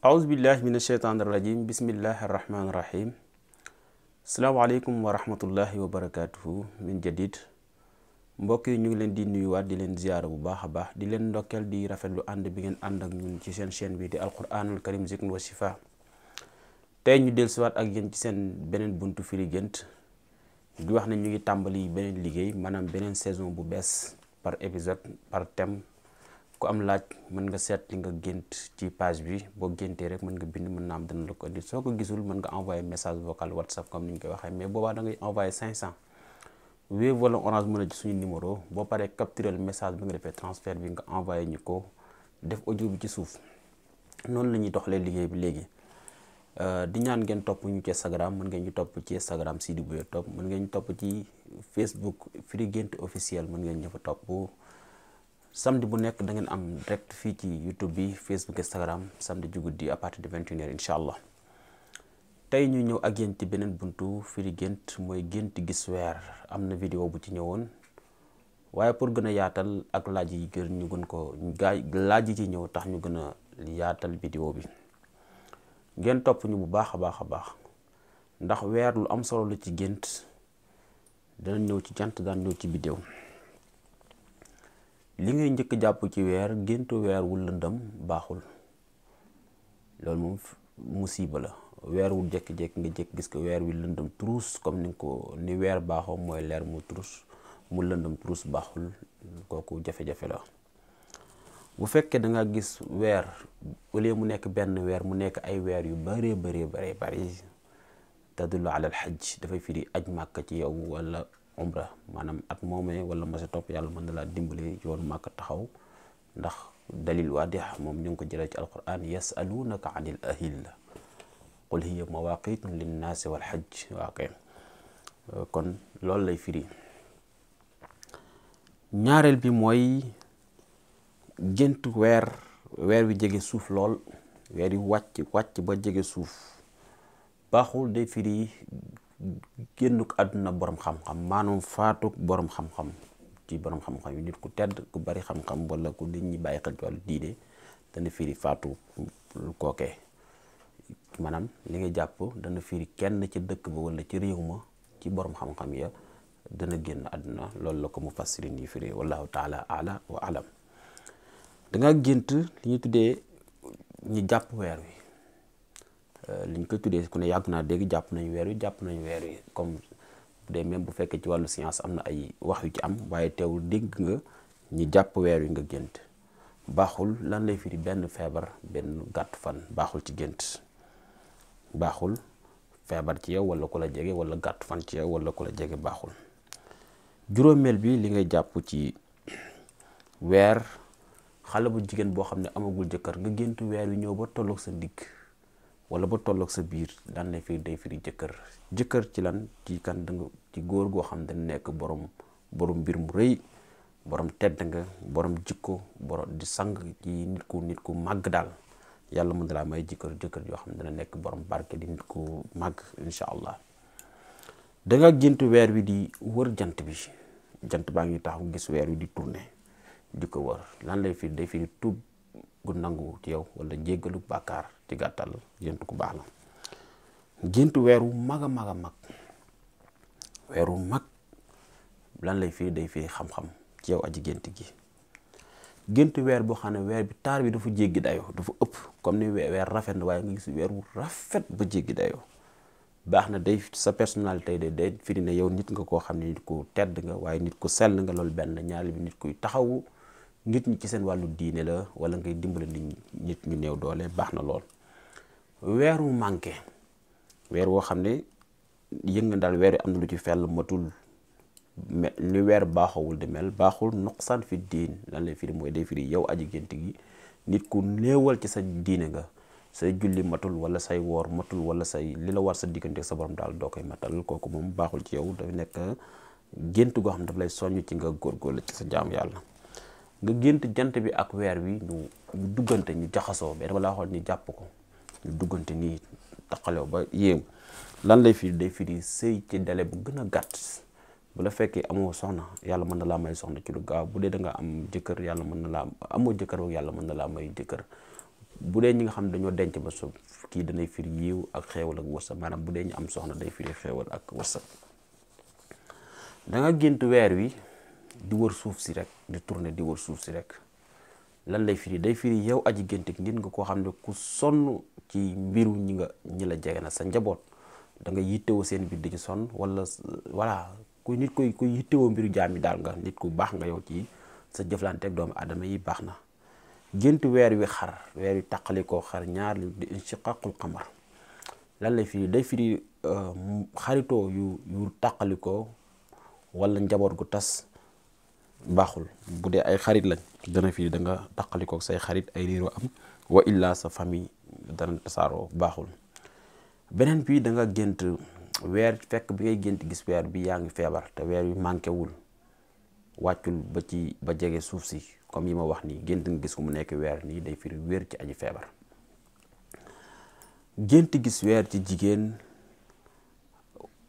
aousubillahi min asheytaan irrajim bismillahi arrahmani irrahim asalaamaaleykum wa rahmatullahi wa barakatuhu min jadid mbokk yi ñu ngi leen di nuyuwaat di leen ziyaara bu baax a baax di leen ndokkeel di rafetlu ànd bi ngeen ànd ak ñun ci seen chaîne bi di alquranul karim zikr wa shifa tey ñu dellusiwaat ak yéen ci seen beneen buntu firi gént di wax ne ñu ngi tàmbali beneen liggéey maanaam beneen saison bu bees par épisode par thème ko am laaj mën nga seet li nga gént ci page bi boo géntee rek mën nga bind mën naa am dana la ko indil soo ko gisul mën nga envoyé message vocal whatsapp comme ni ñu koy waxee mais boobaa da ngay envoyé 500 Wave wala Orange mën a ci suñu numéro boo message bi nga defee transfert bi nga envoyé ñu ko def audio bi ci suuf noonu la ñuy doxalee liggéey bi léegi euh, di ñaan ngeen topp ñu ci Instagram mën ngeen ñu topp ci Instagram Sidy Bouye Top mën ngeen ñu topp ci Facebook Firi gént officiel mën ngeen ñu fa topp. samedi bu nekk da ngeen am direct fii ci youtube bi facebook instagram samedi ju guddi à partir de vingt et une heures allah tey ñu ñëw ak yéen ci beneen buntu firi gént mooy gént gis weer am na video bu ci ñëwoon waaye pour gën a yaatal ak laaj yi gën ñu gën ko laaj yi ci ñëw tax ñu gën a yaatal vidéo bi ngeen topp ñu bu baax a baax a baax ndax weer lu am solo la ci gént dana ñëw ci jant daan ñëw ci vidéo li ngay njëkk jàpp ci weer géntu weer wu lëndëm baaxul loolu moom musiba la weer wu jékki-jékki nga jékki gis ko weer wi lëndëm turus comme ni ko ni weer baaxoo mooy leer mu turus mu lëndëm turus baaxul kooku jafe-jafe la bu fekkee danga gis weer au mu nekk benn weer mu nekk ay weer yu bëree bëree bëree bëri tadullu alal xaj dafay firi aj màkk ci yow wala umra maanaam at moomee wala ma sa topp yàlla man na laa dimbale yoonu màkk taxaw ndax dalil waadix moom ñu ngi ko jëlee ci alquran yasalunaka anil ahilla qul hiya mawaqitun linnaasi wal xaj waa kay kon loolu lay firi ñaareel bi mooy gént weer weer wi jege suuf lool weer wi wàcc wàcc ba jege suuf baaxul day firi génnuk àdduna boroom xam-xam maanaam faatuk borom xam-xam ci borom xam-xam yi nit ku tedd ku bari xam-xam wala ku nit ñi bàyyi xel ci wàllu diine dana firi faatu kookee maanaam li nga jàpp dana firi kenn ci dëkk ba wala ci réew ma ci boroom xam-xam ya dana génn àdduna loolu la ko mu fassirin yi firi wallahu taala ala wa alam danga gént li ñu tuddee ñi jàpp weer wi Euh, liñ ko tuddee ku ne yàgg naa dégg jàpp nañu weer wi jàpp nañu weer wi comme de même bu fekkee ci wàllu science am na ay wax yu ci am waaye teewul dégg nga ñi jàpp weer wi nga gént baaxul lan lay firi benn feebar benn gàtt fan baaxul ci gént baaxul feebar ci yow wala ku la jege wala gàtt fan ci yow wala ku la jege baaxul juróomeel bi li ngay jàpp ci weer xale bu jigéen boo xam ne amagul jëkkër nga gént weer yu ñëw ba tolloog sa ndigg wala ba tolloog sa biir daan lay firi day firi jëkkër jëkkër ci lan ci kan da ci góor goo xam ne nekk borom borom mbir mu rëy borom tedd nga borom jikko borom di sang ci nit ku nit ku màgg daal yàlla mun na laa may jëkkër jëkkër yoo xam ne dana nekk borom barke di nit ku màgg incha allah da nga weer wi di wër jant bi jant baa ngi taxaw gis weer wi di tourner di ko wër lan lay firi day firi tuub gu nangu ci yow wala jéggalu bàkkaar ci gàttal gént gu baax la gént weeru mag a mag a mag weer wu mag lan lay firi day firi xam-xam ci yow aji gént gi gént weer boo xam ne weer bi taar bi dafa jéggi dayoo dafa ëpp comme ni weer rafet na waaye nga gis weer wu rafet ba jéggi dayoo baax na day sa personnalité day day firi ne yow nit nga koo xam ne nit ku tedd nga waaye nit ku sell nga loolu benn ñaari bi nit kuy taxawu nit ñi ci seen wàllu diine la wala ngay dimbale nit nit ñu néew doole baax na lool weer wu manqué weer woo xam ne yëg na daal weer am na lu ci fell matul ni weer baaxawul di mel baaxul nuqsaan fi diin lan lay firi mooy day firi yow aji gént gi nit ku néewal ci sa diine nga say julli matul wala say woor matul wala say li la war sa diggante sa borom daal doo koy matal kooku moom baaxul ci yow dafa nekk gént goo xam ne daf lay soññ ci nga góorgóorlu ci sa jaam yàlla nga gént jant bi ak weer wi ñu ñu duggante ñu jaxasoo mais dama laa xool ni jàpp ko ñu duggante nii taxalew ba yéew lan lay firi day firi sëy ci délai bu gën a gàtt bu la fekkee amoo soxna yàlla mën na laa may soxna ci lu gaaw bu dee da nga am jëkkër yàlla mën na laa amoo jëkkër yàlla mën na laa may jëkkër bu dee ñi nga xam ne dañoo denc ba su kii danay firi yiw ak xeewal ak wërsëg maanaam bu dee ñu am soxna day firi xeewal ak wërsëg da gént weer wi di wër suuf si rek di tourner di wër suuf si rek lan lay firi day firi yow aji géntik nit nga koo xam ne ku sonn ci mbiru ñi nga ñi la jege na sa njaboot da nga yittewoo seen biir di ci sonn wala voilà ku nit koy koy yittewoo mbiru jaam daal nga nit ku baax nga yow ci sa jëflanteeg doomu aadama yi baax na gént weer wi xar weer wi taqali koo ñaar li di inchiqaqul lay firi day firi euh, xaritoo yu yu taqali ko wala njaboot gu tas baaxul bu dee ay xarit lañ dana fi danga nga taqalikook say xarit ay réeroo am wa illaa sa famille dana tasaaroo baaxul beneen bi danga nga gént weer fekk bi ngay gént gis weer bi yaa ngi feebar te weer bi manqué wul wàccul ba ci ba jege suuf si comme yi ma wax nii gént nga gis ko mu nekk weer nii day fiir wér ci aji feebar gént gis weer ci jigéen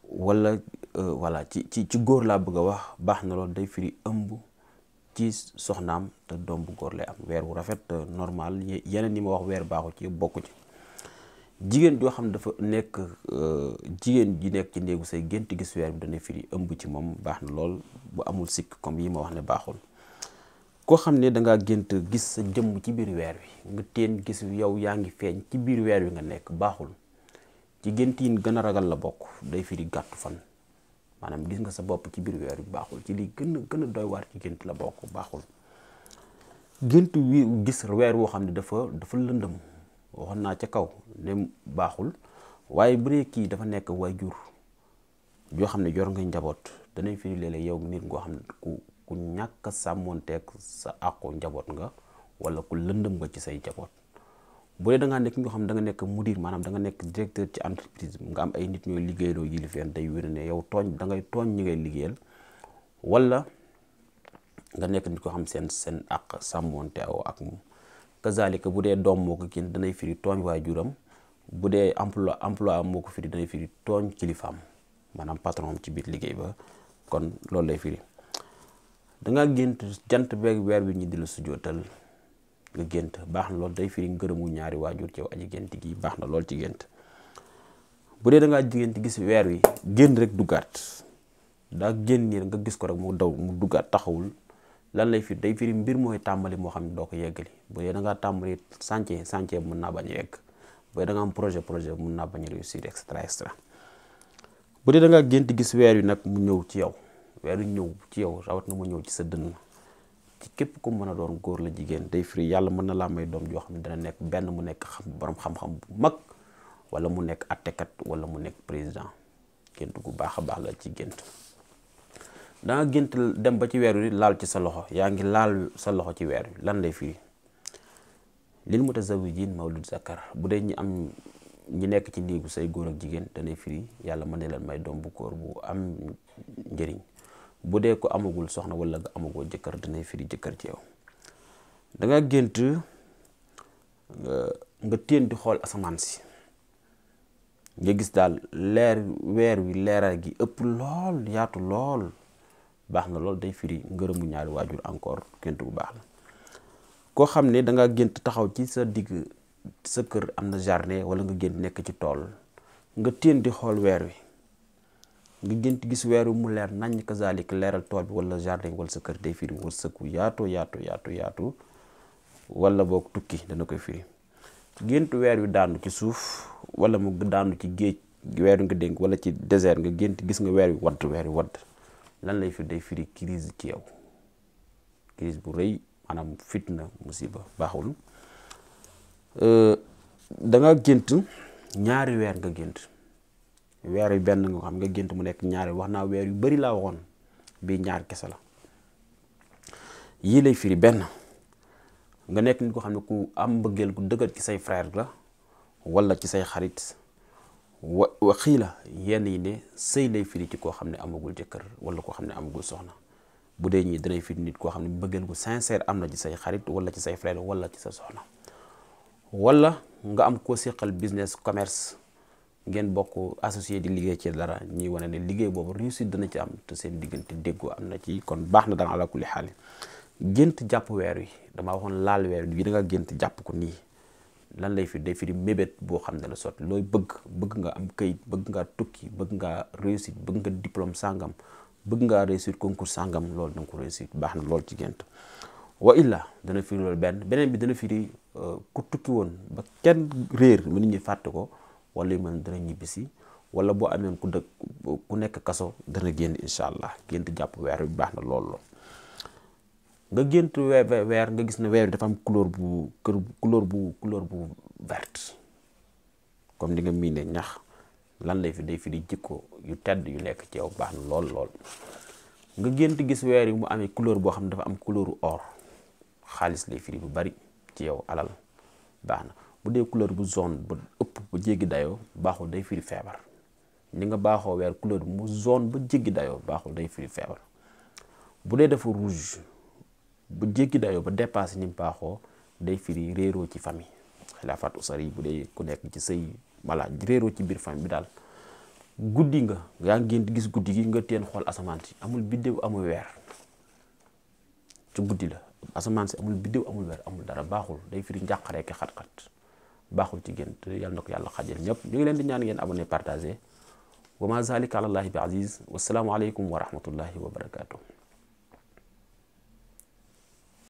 wala Euh, voilà ci ci góor laa bëgg a wax baax na lool day firi ëmb ci soxnaam te doom bu góor lay am weer wu rafet euh, normal yeneen yi ma wax weer baaxul ci bokku ci jigéen joo xam dafa nekk euh, jigéen ji nekk ci néegu say gént gis weer bi dana firi ci moom baax na lool bu amul sikk comme yi ma wax ne baaxul koo xam ne da gént gis sa jëmm ci biir weer wi nga teen gis yow yaa ngi feeñ ci biir weer wi nga nekk baaxul ci gént yi gën a ragal la bokk day firi gàttu fan maanaam gis nga sa bopp ci biir weer bi baaxul ci lii gën a gën waar ci gént la bokk baaxul gént wi gis weer woo xam ne dafa dafa lëndëm waxoon naa ca kaw ne baaxul waaye bu kii dafa nekk waajur joo xam ne jor nga njaboot danañ fi léeg-léeg yow nit ngoo xam ne ku ku ñàkk a sàmmoonteeg sa àqu njaboot nga walla ku lëndëm nga ci say njaboot bu dee da ngaa nekk ñoo xam da nga nekk mudir maanaam da nga nekk directeur ci entreprise nga am ay nit ñooy liggéeyloo yilif leen day wér ne yow tooñ da ngay tooñ ñi ngay liggéeyal walla nga nekk nit ko xam seen seen àq sàmmonte aw ak moom kazalika bu dee doom moo ko kii danay firi tooñ waajuram bu dee emploi emploi moo ko firi danay firi tooñ kilifaam maanaam patron am ci biir liggéey ba kon loolu lay firi da nga gént jant beeg weer bi ñu di la sujootal nga gént baax na lool day firi ngërëmu ñaari waajur ci yow aji gént gi baax na lool ci gént bu dee da ngaa gént gis weer wi génn rek duggaat daa génn nga gis ko rek mu daw mu duggaat taxawul lan lay firi day firi mbir mooy tàmbali moo xam ne doo ko yeggali bu dee da ngaa tàmbali chantier chantier mën a yegg bu dee da nga projet projet mën naa bañ a réussir extra extra bu dee da ngaa gént gis weer wi nag mu ñëw ci yow weer wi ñëw ci yow rawat na mu ñëw ci sa dënn képp ku mën a doon góor la jigéen day firi yàlla mën na laa may doom joo xam ne dana nekk benn mu nekk xam borom xam-xam bu mag wala mu nekk attekat wala mu nekk président gént gu baax a baax la ci gént danga gént dem ba ci weer wi laal ci sa loxo yaa ngi laal sa loxo ci weer lan lay firi lil mutazawijin mawlud zakar bu dee ñi am ñi nekk ci néegu say góor ak jigéen danay firi yàlla mën na leen may doom bu góor bu am njëriñ bu dee ko amagul soxna wala nga amagoo jëkkër danay firi jëkkër ci yow da nga gént nga téen di xool asamaan si nga gis daal leer weer wi leeral gi ëpp lool yaatu lool baax na lool day firi ngërëmu ñaari waajur encore gént bu baax koo xam ne da gént taxaw ci sa digg sa kër am na jardin wala nga gént nekk ci tool nga téen di xool weer wi nga gént gis weeru wi mu leer nañ ko zalik leeral tool bi wala jardin wala sa kër day firi wërsëg wu yaatu yaatu yaatu yaatu wala boog tukki dana koy firi gént weer wi daanu ci suuf wala mu daanu ci géej weer wi nga dénk wala ci désert nga gént gis nga weer wi wadd weer wi wadd lan lay firi day firi crise ci yow crise bu rëy mu fitna musiba baaxul euh, danga gént ñaari weer nga gént weer yu benn nga xam nga gént mu nekk ñaari wax naa weer yu bari laa waxoon bii ñaar kese la yii lay firi benn nga nekk nit koo xam ne ku am mbëggeel ku dëgër ci say frère la walla ci say xarit wa xii la yenn yi ne sëy lay firi ci koo xam ne amagul jëkkër wala koo xam ne amagul soxna bu dee ñii danay firi koo xam ne mbëggeel gu sincère na ci say xarit wala ci say frère wala ci sa soxna wala nga am koo seqal business commerce ngeen bokk associé di liggéey ci dara ñi wane ne liggéey boobu réussite dana ci am te seen diggante déggoo am na ci kon baax na daan ala kulli xaal gént jàpp weer wi damaa waxoon laal weer wi da nga jàpp ko nii lan lay fi day firi mébét boo xam ne la sotti looy bëgg bëgg nga am këyit bëgg ngaa tukki bëgg ngaa réussite bëgg nga diplôme sàngam bëgg ngaa réussite concours sàngam loolu da ko réussite baax na lool ci gént wa illa dana firi loolu benn beneen bi dana firi euh, ku tukki woon ba kenn réer mu nit ñi fàtte ko wala yu mel dana ñibbisi wala boo amee ku dëkk ku nekk kaso dana génn incha allah gént jàpp weer bi baax na lool nga gént weer nga gis ne weer bi dafa am couleur bu kër couleur bu couleur bu verte comme ni nga miinee ñax lan lay fi day fi di jikko yu tedd yu nekk ci yow baax na lool lool nga gént gis weer yi mu amee couleur boo xam ne dafa am couleur or xaalis lay firi bu bari ci yow alal baax na bu dee couleur bu zone ba ëpp ba jéggi dayoo baaxul day firi feebar ni nga baaxoo weer couleur bu zone ba jéggi dayoo baaxul day firi feebar bu dee dafa rouge ba jéggi dayoo ba dépassé ni baaxoo day firi réeroo ci famille xilaafaat usar yi bu dee ku nekk ci sëy voilà réeroo ci biir famille bi daal guddi nga yaa ngeen gis guddi gi nga teen xool asamaan si amul biddéew amul weer ci guddi la asamaan si amul biddéew amul weer amul dara baaxul day firi njàqaree ki baaxul ci gént yàlla na ko yàlla xajal ñëpp ñu ngi leen di ñaan ngeen abonné partagé wa ma zalika alallahi bi aziz wasalaamualeykum wa rahmatullahi wa barakatuh